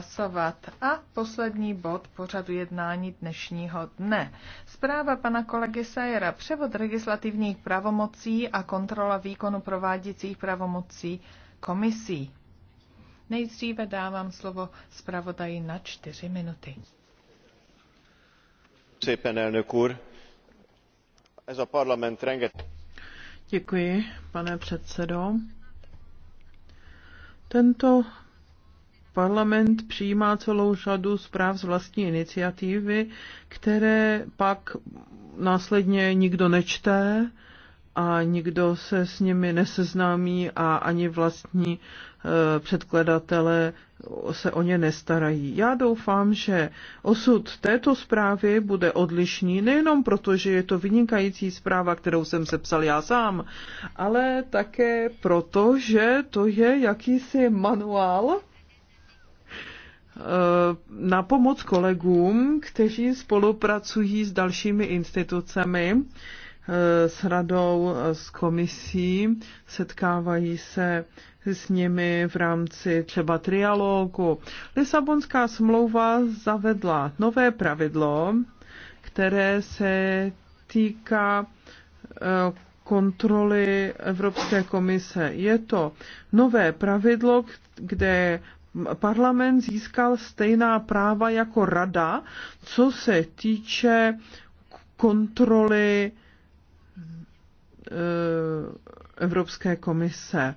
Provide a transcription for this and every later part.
hlasovat. A poslední bod pořadu jednání dnešního dne. Zpráva pana kolegy Sajera. Převod legislativních pravomocí a kontrola výkonu prováděcích pravomocí komisí. Nejdříve dávám slovo zpravodaji na čtyři minuty. Děkuji, pane předsedo. Tento Parlament přijímá celou řadu zpráv z vlastní iniciativy, které pak následně nikdo nečte a nikdo se s nimi neseznámí a ani vlastní eh, předkladatele se o ně nestarají. Já doufám, že osud této zprávy bude odlišný, nejenom proto, že je to vynikající zpráva, kterou jsem sepsal já sám, ale také proto, že to je jakýsi manuál, Eh, na pomoc kolegům, kteří spolupracují s dalšími institucemi, eh, s radou, eh, s komisí, setkávají se s nimi v rámci třeba trialogu. Lisabonská smlouva zavedla nové pravidlo, které se týká kontroly Evropské komise. Je to nové pravidlo, kde parlament získal stejná práva jako rada, co se týče kontroly e, Evropské komise.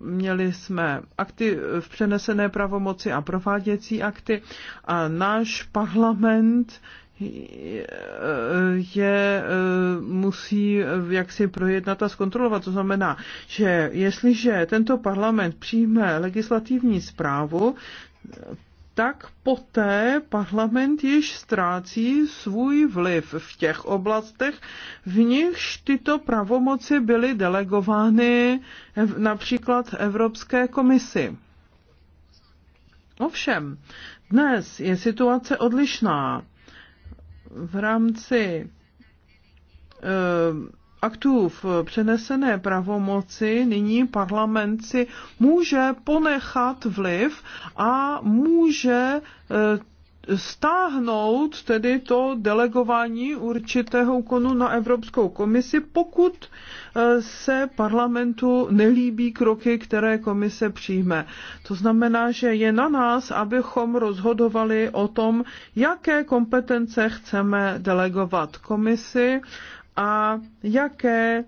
Měli jsme akty v přenesené pravomoci a prováděcí akty a náš parlament je eh, musí eh, jaksi projednat a zkontrolovat. To znamená, že jestliže tento parlament přijme legislativní zprávu, tak poté parlament již ztrácí svůj vliv v těch oblastech, v nichž tyto pravomoci byly delegovány například Evropské komisi. Ovšem, dnes je situace odlišná v rámci eh, aktů v přenesené pravomoci nyní parlament si může ponechat vliv a může eh, stáhnout tedy to delegování určitého úkonu na Evropskou komisi, pokud e, se parlamentu nelíbí kroky, které komise přijme. To znamená, že je na nás, abychom rozhodovali o tom, jaké kompetence chceme delegovat komisi a jaké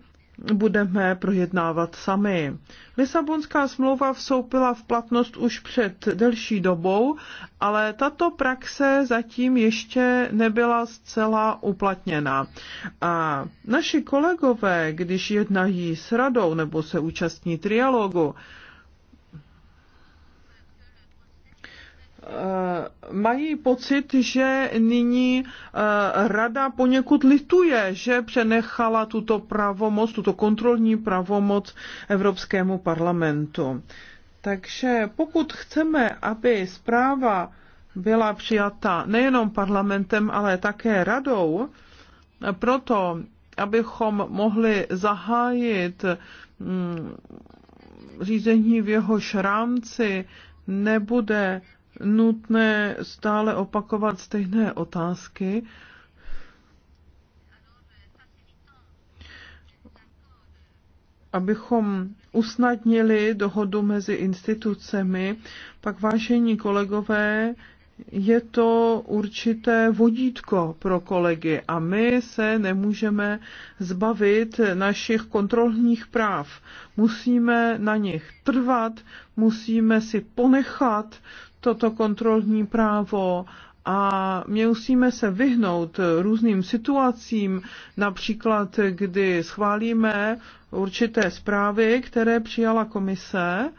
budeme projednávat sami. Lisabonská smlouva vstoupila v platnost už před delší dobou, ale tato praxe zatím ještě nebyla zcela uplatněna. A naši kolegové, když jednají s radou nebo se účastní trialogu, Eh, mají pocit, že nyní eh, rada poněkud lituje, že přenechala tuto pravomoc, tuto kontrolní pravomoc Evropskému parlamentu. Takže pokud chceme, aby zpráva byla přijata nejenom parlamentem, ale také radou, proto, abychom mohli zahájit mm, řízení v jehož rámci nebude nutné stále opakovat stejné otázky. abychom usnadnili dohodu mezi institucemi, pak vážení kolegové, je to určité vodítko pro kolegy a my se nemůžeme zbavit našich kontrolních práv. Musíme na nich trvat, musíme si ponechat toto kontrolní právo a my musíme se vyhnout různým situacím, například kdy schválíme určité zprávy, které přijala komise,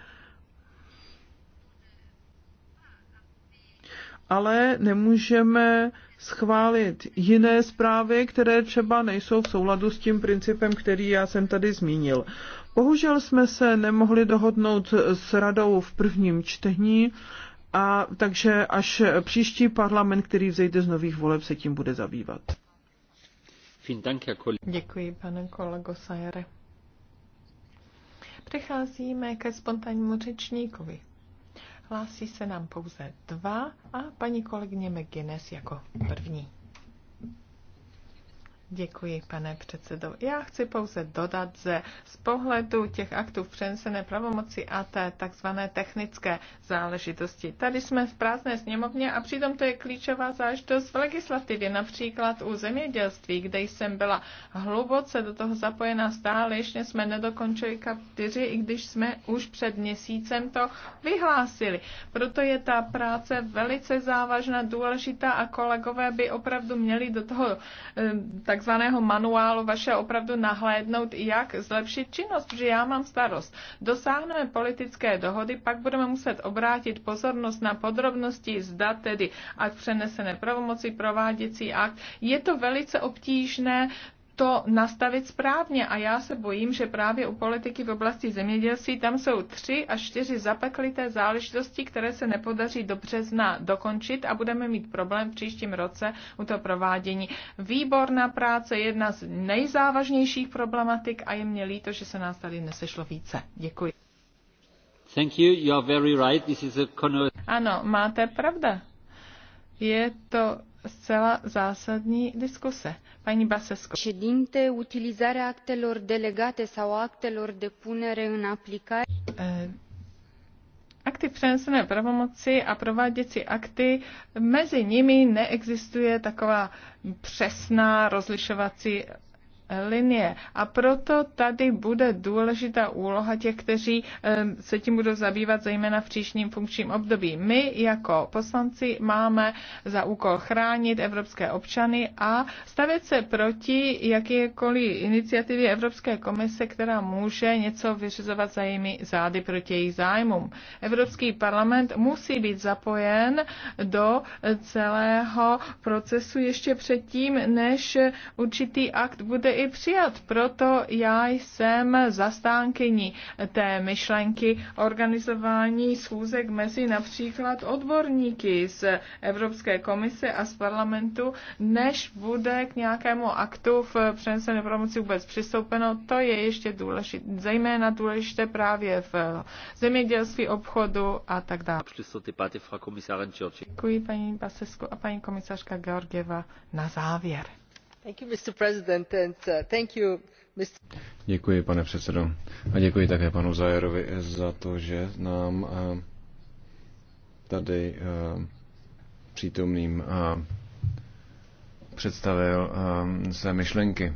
ale nemůžeme schválit jiné zprávy, které třeba nejsou v souladu s tím principem, který já jsem tady zmínil. Bohužel jsme se nemohli dohodnout s radou v prvním čtení a takže až příští parlament, který vzejde z nových voleb, se tím bude zabývat. Děkuji, pane kolego Sajere. Přecházíme ke spontánnímu řečníkovi. Hlásí se nám pouze dva a paní kolegyně McGuinness jako první. Děkuji, pane předsedo. Já chci pouze dodat, že z pohledu těch aktů v přenesené pravomoci a té takzvané technické záležitosti. Tady jsme v prázdné sněmovně a přitom to je klíčová záležitost v legislativě, například u zemědělství, kde jsem byla hluboce do toho zapojená stále, ještě jsme nedokončili kap 4, i když jsme už před měsícem to vyhlásili. Proto je ta práce velice závažná, důležitá a kolegové by opravdu měli do toho eh, tak takzvaného manuálu vaše opravdu nahlédnout, jak zlepšit činnost, protože já mám starost. Dosáhneme politické dohody, pak budeme muset obrátit pozornost na podrobnosti, zda tedy ať přenesené pravomoci, prováděcí akt. Je to velice obtížné, to nastavit správně. A já se bojím, že právě u politiky v oblasti zemědělství tam jsou tři až čtyři zapeklité záležitosti, které se nepodaří do března dokončit a budeme mít problém v příštím roce u toho provádění. Výborná práce, jedna z nejzávažnějších problematik a je mě líto, že se nás tady nesešlo více. Děkuji. Thank you. You are very right. This is a... Ano, máte pravda. Je to zcela zásadní diskuse. Paní Basesko. Ședinte, utilizare actelor delegate sau actelor de punere în aplicare. Eh, akty přenesené pravomoci a prováděcí akty, mezi nimi neexistuje taková přesná rozlišovací linie. A proto tady bude důležitá úloha těch, kteří se tím budou zabývat zejména v příštím funkčním období. My jako poslanci máme za úkol chránit evropské občany a stavět se proti jakékoliv iniciativě Evropské komise, která může něco vyřizovat za jimi zády proti jejich zájmům. Evropský parlament musí být zapojen do celého procesu ještě předtím, než určitý akt bude i přijat. Proto já jsem zastánkyní té myšlenky organizování schůzek mezi například odborníky z Evropské komise a z parlamentu, než bude k nějakému aktu v přenesené promoci vůbec přistoupeno. To je ještě důležité, zejména důležité právě v zemědělství, obchodu a tak dále. Děkuji paní Basesku a paní komisařka Georgieva na závěr. Uh, děkuji, pane předsedo. A děkuji také panu Zajerovi za to, že nám uh, tady uh, přítomným představil um, své myšlenky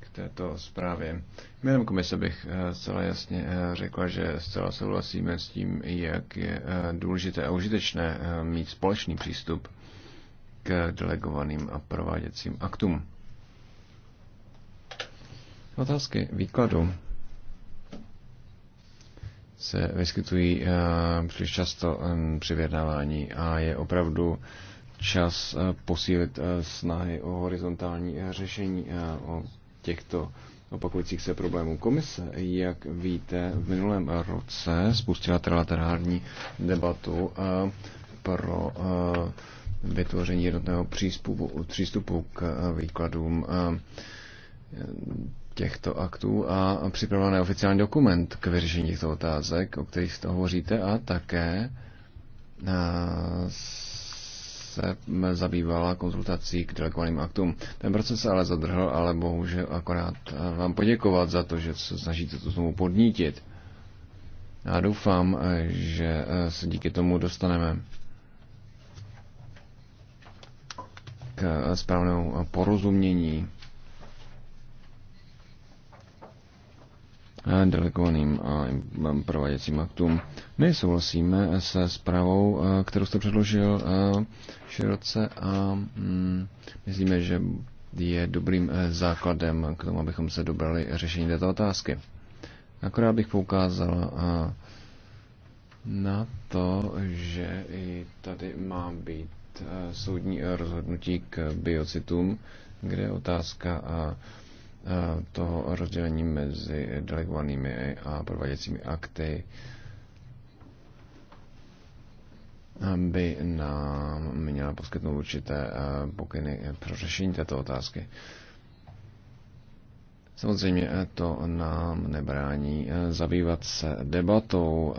k této zprávě. Jménem komise bych zcela jasně řekla, že zcela souhlasíme s tím, jak je důležité a užitečné mít společný přístup k delegovaným a prováděcím aktům. Otázky výkladu se vyskytují eh, příliš často eh, při vyjednávání a je opravdu čas eh, posílit snahy o horizontální řešení o těchto opakujících se problémů. Komise, jak víte, v minulém roce spustila trilaterální debatu pro vytvoření jednotného přístupu, přístupu k eh, výkladům eh, těchto aktů a připravila oficiální dokument k vyřešení těchto otázek, o kterých to hovoříte, a také eh, se zabývala konzultací k delegovaným aktům. Ten proces se ale zadrhl, ale bohužel akorát vám poděkovat za to, že se snažíte to znovu podnítit. Já doufám, že se díky tomu dostaneme k eh, správnému eh, porozumění eh, delegovaným a prováděcím aktům. My souhlasíme se zprávou, kterou jste předložil široce a mm, myslíme, že je dobrým základem k tomu, abychom se dobrali řešení této otázky. Akorát bych poukázal na to, že i tady má být Eh, soudní eh, rozhodnutí k biocitům, kde je otázka a eh, toho rozdělení mezi delegovanými a prováděcími akty by nám měla poskytnout určité pokyny pro řešení této otázky. Samozřejmě to nám nebrání zabývat se debatou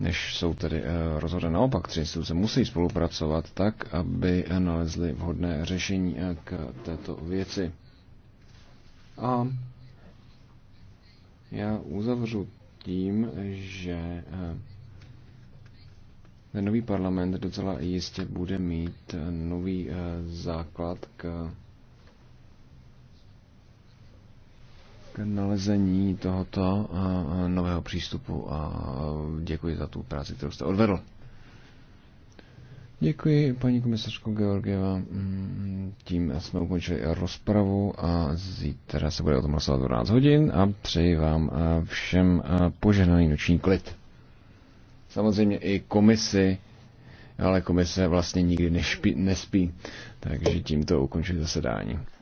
než jsou tedy eh, rozhodné naopak. Tři instituce musí spolupracovat tak, aby eh, nalezly vhodné řešení eh, k této věci. A já uzavřu tím, že ten nový parlament docela jistě bude mít nový základ k k nalezení tohoto eh, nového přístupu a děkuji za tu práci, kterou jste odvedl. Děkuji, paní komisařko Georgieva. Tím jsme ukončili rozpravu a zítra se bude o tom hlasovat 12 hodin a přeji vám eh, všem eh, požehnaný noční klid. Samozřejmě i komisi, ale komise vlastně nikdy nešpí, nespí, takže tímto ukončuji zasedání.